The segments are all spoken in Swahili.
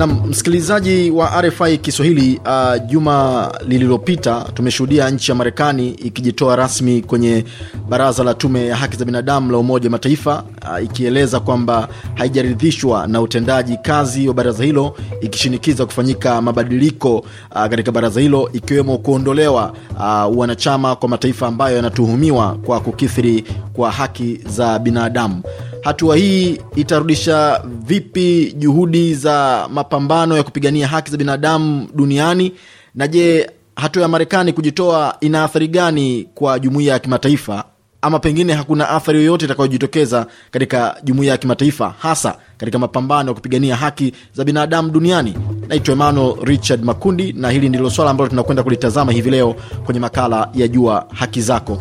Nam msikilizaji wa RFI Kiswahili, uh, juma lililopita tumeshuhudia nchi ya Marekani ikijitoa rasmi kwenye Baraza la Tume ya Haki za Binadamu la Umoja wa Mataifa ah, ikieleza kwamba haijaridhishwa na utendaji kazi wa baraza hilo, ikishinikiza kufanyika mabadiliko ah, katika baraza hilo, ikiwemo kuondolewa ah, wanachama kwa mataifa ambayo yanatuhumiwa kwa kukithiri kwa haki za binadamu. Hatua hii itarudisha vipi juhudi za mapambano ya kupigania haki za binadamu duniani? Na je, hatua ya Marekani kujitoa ina athari gani kwa jumuiya ya kimataifa ama pengine hakuna athari yoyote itakayojitokeza katika jumuiya ya kimataifa, hasa katika mapambano ya kupigania haki za binadamu duniani. Naitwa Emmanuel Richard Makundi, na hili ndilo swala ambalo tunakwenda kulitazama hivi leo kwenye makala ya Jua Haki Zako.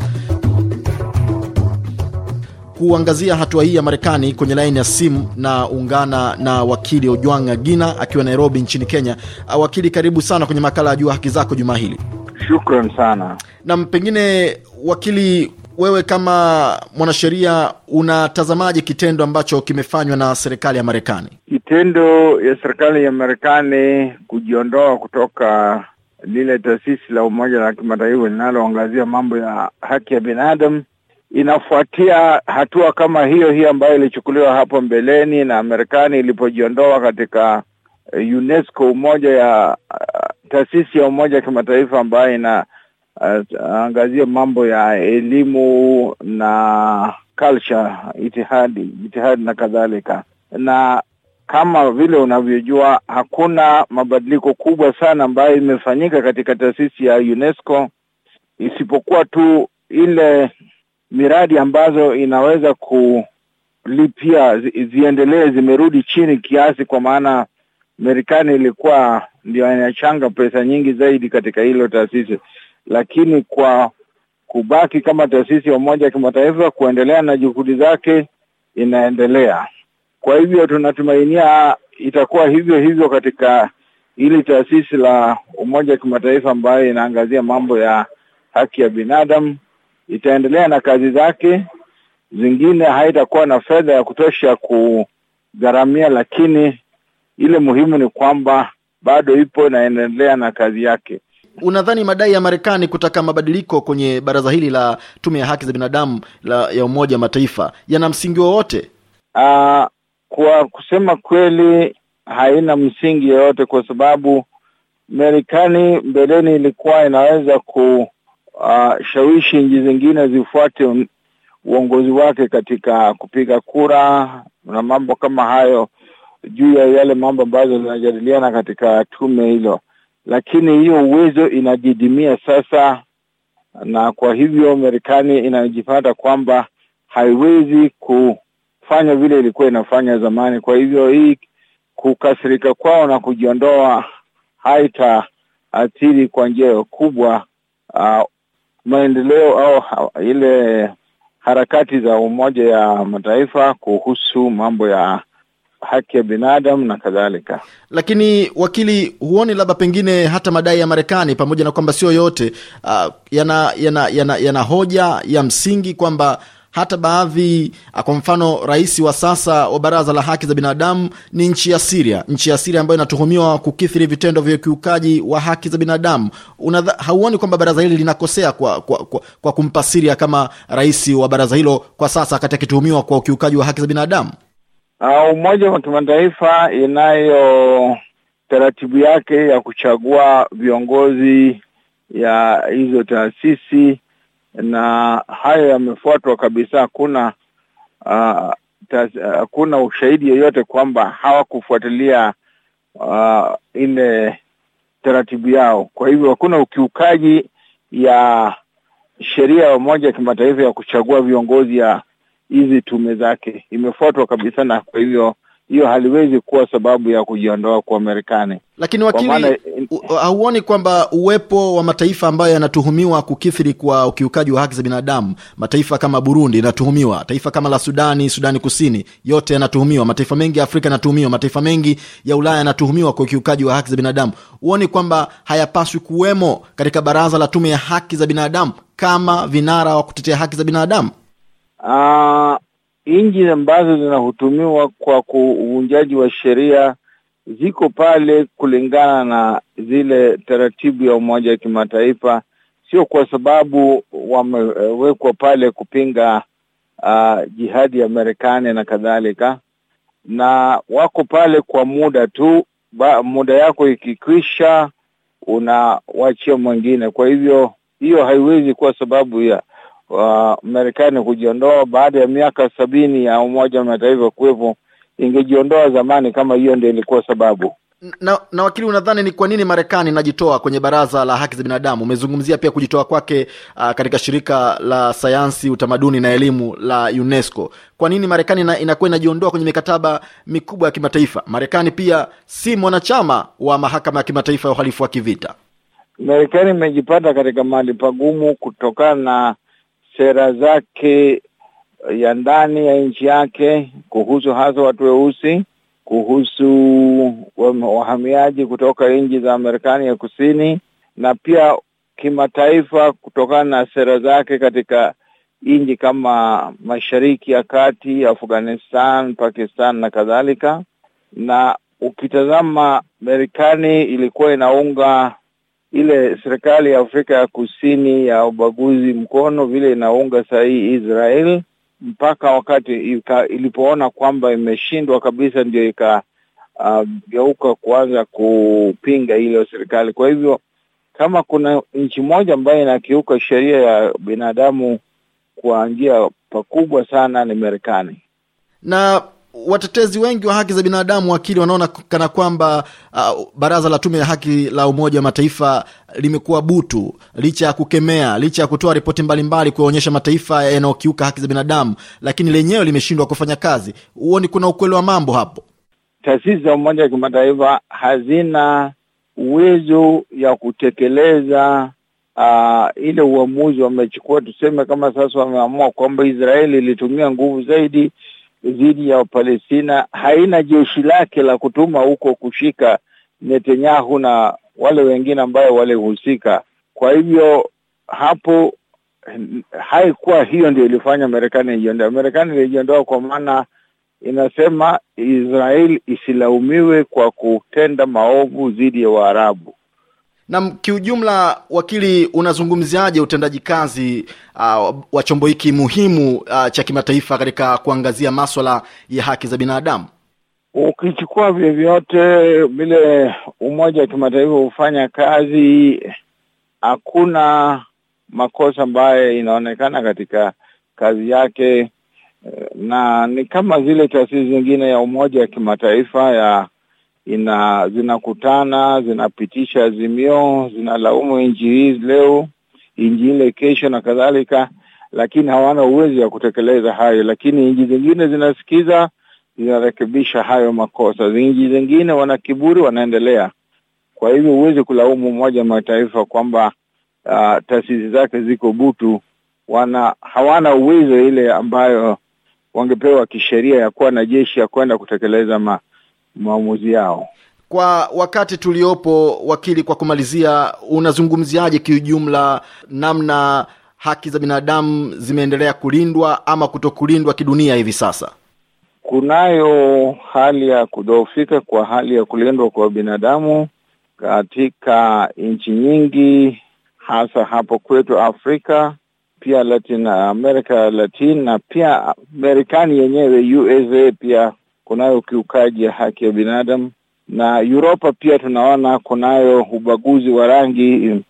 Kuangazia hatua hii ya Marekani kwenye laini ya simu na ungana na wakili Ojwanga Gina akiwa Nairobi nchini Kenya. Wakili, karibu sana kwenye makala ya Jua Haki Zako jumaa hili. Shukran sana. Nam, pengine wakili, wewe kama mwanasheria unatazamaje kitendo ambacho kimefanywa na serikali ya Marekani? Kitendo ya serikali ya Marekani kujiondoa kutoka lile taasisi la Umoja la Kimataifa linaloangazia mambo ya haki ya binadamu inafuatia hatua kama hiyo hiyo ambayo ilichukuliwa hapo mbeleni na Marekani ilipojiondoa katika eh, UNESCO, umoja ya eh, taasisi ya umoja wa kimataifa ambayo ina aangazie mambo ya elimu na culture, itihadi jitihadi na kadhalika. Na kama vile unavyojua, hakuna mabadiliko kubwa sana ambayo imefanyika katika taasisi ya UNESCO isipokuwa tu ile miradi ambazo inaweza kulipia ziendelee zimerudi chini kiasi, kwa maana Marekani ilikuwa ndio anachanga pesa nyingi zaidi katika hilo taasisi lakini kwa kubaki kama taasisi ya Umoja wa Kimataifa kuendelea na juhudi zake inaendelea. Kwa hivyo tunatumainia itakuwa hivyo hivyo katika hili taasisi la Umoja wa Kimataifa ambayo inaangazia mambo ya haki ya binadamu, itaendelea na kazi zake zingine. Haitakuwa na fedha ya kutosha kugharamia, lakini ile muhimu ni kwamba bado ipo na inaendelea na kazi yake unadhani madai ya Marekani kutaka mabadiliko kwenye baraza hili la tume ya haki za binadamu la, ya Umoja wa Mataifa yana msingi wowote? Ah, kwa kusema kweli haina msingi yoyote, kwa sababu Marekani mbeleni ilikuwa inaweza kushawishi ah, uh, nchi zingine zifuate uongozi wake katika kupiga kura na mambo kama hayo, juu ya yale mambo ambazo zinajadiliana katika tume hilo lakini hiyo uwezo inadidimia sasa, na kwa hivyo Marekani inajipata kwamba haiwezi kufanya vile ilikuwa inafanya zamani. Kwa hivyo hii kukasirika kwao na kujiondoa haitaathiri kwa njia kubwa uh, maendeleo au uh, ile harakati za Umoja ya Mataifa kuhusu mambo ya haki ya binadamu na kadhalika. Lakini wakili, huoni labda pengine hata madai ya Marekani pamoja na kwamba sio yote uh, yana, yana, yana, yana hoja ya msingi kwamba hata baadhi uh, kwa mfano rais wa sasa wa Baraza la Haki za Binadamu ni nchi ya Siria, nchi ya Siria ambayo inatuhumiwa kukithiri vitendo vya ukiukaji wa haki za binadamu. Hauoni kwamba baraza hili linakosea kwa, kwa, kwa, kwa kumpa Siria kama rais wa baraza hilo kwa sasa, wakati akituhumiwa kwa ukiukaji wa haki za binadamu? Uh, Umoja wa Kimataifa inayo taratibu yake ya kuchagua viongozi ya hizo taasisi na hayo yamefuatwa kabisa. Hakuna ah, hakuna uh, uh, ushahidi yoyote kwamba hawakufuatilia uh, ile taratibu yao. Kwa hivyo hakuna ukiukaji ya sheria ya Umoja wa Kimataifa ya kuchagua viongozi ya hizi tume zake imefuatwa kabisa, na kwa hivyo hiyo haliwezi kuwa sababu ya kujiondoa kwa Marekani. Lakini wakili, hauoni kwamba uwepo wa mataifa ambayo yanatuhumiwa kukithiri kwa ukiukaji wa haki za binadamu, mataifa kama Burundi inatuhumiwa, taifa kama la Sudani, Sudani Kusini, yote yanatuhumiwa, mataifa mengi ya Afrika yanatuhumiwa, mataifa mengi ya Ulaya yanatuhumiwa kwa ukiukaji wa haki za binadamu, huoni kwamba hayapaswi kuwemo katika baraza la tume ya haki za binadamu kama vinara wa kutetea haki za binadamu? Uh, ah, nchi ambazo zinahutumiwa kwa uvunjaji wa sheria ziko pale kulingana na zile taratibu ya Umoja wa Kimataifa, sio kwa sababu wamewekwa pale kupinga uh, jihadi ya Marekani na kadhalika, na wako pale kwa muda tu ba, muda yako ikikwisha unawachia mwingine. Kwa hivyo hiyo haiwezi kuwa sababu ya wa Marekani kujiondoa baada ya miaka sabini ya Umoja wa Mataifa kuwepo, ingejiondoa zamani kama hiyo ndio ilikuwa sababu. Na, na wakili, unadhani ni kwa nini Marekani inajitoa kwenye Baraza la Haki za Binadamu? Umezungumzia pia kujitoa kwake uh, katika shirika la sayansi, utamaduni na elimu la UNESCO. Kwa nini Marekani inakuwa inajiondoa kwenye mikataba mikubwa ya kimataifa? Marekani pia si mwanachama wa Mahakama ya Kimataifa ya Uhalifu wa Kivita. Marekani imejipata katika mali pagumu kutokana na sera zake ya ndani ya nchi yake kuhusu hasa watu weusi, kuhusu wahamiaji kutoka nchi za Marekani ya Kusini, na pia kimataifa kutokana na sera zake katika nchi kama Mashariki ya Kati, Afghanistan, Pakistan na kadhalika. Na ukitazama Marekani ilikuwa inaunga ile serikali ya Afrika ya Kusini ya ubaguzi mkono vile inaunga sahihi Israel mpaka wakati ilipoona kwamba imeshindwa kabisa, ndio ikageuka ah, uh, kuanza kupinga ile serikali. Kwa hivyo kama kuna nchi moja ambayo inakiuka sheria ya binadamu kwa njia pakubwa sana ni Marekani na watetezi wengi wa haki za binadamu wakili wanaona kana kwamba uh, baraza la tume ya haki la Umoja wa Mataifa limekuwa butu, licha ya kukemea, licha ya kutoa ripoti mbalimbali kuonyesha mataifa yanayokiuka haki za binadamu, lakini lenyewe limeshindwa kufanya kazi. Huoni kuna ukweli wa mambo hapo? Taasisi za Umoja wa Kimataifa hazina uwezo ya kutekeleza uh, ile uamuzi wamechukua. Tuseme kama sasa wameamua kwamba Israeli ilitumia nguvu zaidi dhidi ya Wapalestina haina jeshi lake la kutuma huko kushika Netanyahu na wale wengine ambayo walihusika. Kwa hivyo hapo haikuwa hiyo ndio ilifanya Marekani ijiondoe. Marekani ilijiondoa kwa maana inasema Israel isilaumiwe kwa kutenda maovu dhidi ya Waarabu. Na kiujumla, wakili, unazungumziaje utendaji kazi uh, wa chombo hiki muhimu uh, cha kimataifa katika kuangazia maswala ya haki za binadamu? Ukichukua vyovyote vile umoja wa kimataifa hufanya kazi, hakuna makosa ambayo inaonekana katika kazi yake, na ni kama zile taasisi zingine ya umoja wa kimataifa ya ina zinakutana zinapitisha azimio zinalaumu nchi hii leo nchi ile kesho na kadhalika, lakini hawana uwezo wa kutekeleza hayo. Lakini nchi zingine zinasikiza zinarekebisha hayo makosa, nchi zingine wana kiburi, wanaendelea. Kwa hivyo huwezi kulaumu Umoja Mataifa kwamba uh, taasisi zake ziko butu, wana hawana uwezo ile ambayo wangepewa kisheria ya kuwa na jeshi ya kwenda kutekeleza ma maamuzi yao. Kwa wakati tuliopo, wakili, kwa kumalizia, unazungumziaje kiujumla namna haki za binadamu zimeendelea kulindwa ama kutokulindwa kidunia hivi sasa? Kunayo hali ya kudhoofika kwa hali ya kulindwa kwa binadamu katika nchi nyingi, hasa hapo kwetu Afrika, pia Latin America Latin, na pia Marekani yenyewe USA pia kunayo ukiukaji ya haki ya binadamu, na Uropa pia tunaona kunayo ubaguzi wa rangi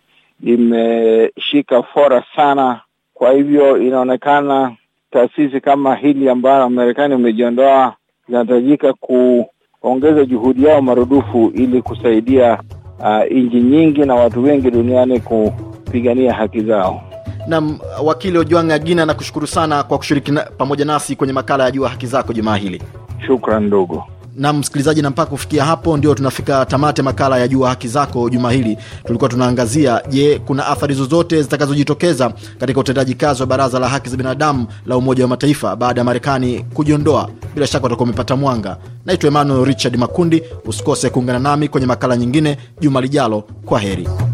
imeshika fora sana. Kwa hivyo inaonekana taasisi kama hili ambayo Marekani imejiondoa zinahitajika kuongeza juhudi yao marudufu ili kusaidia uh, nchi nyingi na watu wengi duniani kupigania haki zao. Nam wakili Ojwang Agina, nakushukuru sana kwa kushiriki pamoja nasi kwenye makala ya Jua Haki Zako jumaa hili. Shukran ndugu na msikilizaji, na mpaka kufikia hapo ndio tunafika tamate makala ya Jua Haki Zako juma hili. Tulikuwa tunaangazia, je, kuna athari zozote zitakazojitokeza katika utendaji kazi wa Baraza la Haki za Binadamu la Umoja wa Mataifa baada ya Marekani kujiondoa? Bila shaka utakuwa umepata mwanga. Naitwa Emmanuel Richard Makundi. Usikose kuungana nami kwenye makala nyingine juma lijalo. Kwa heri.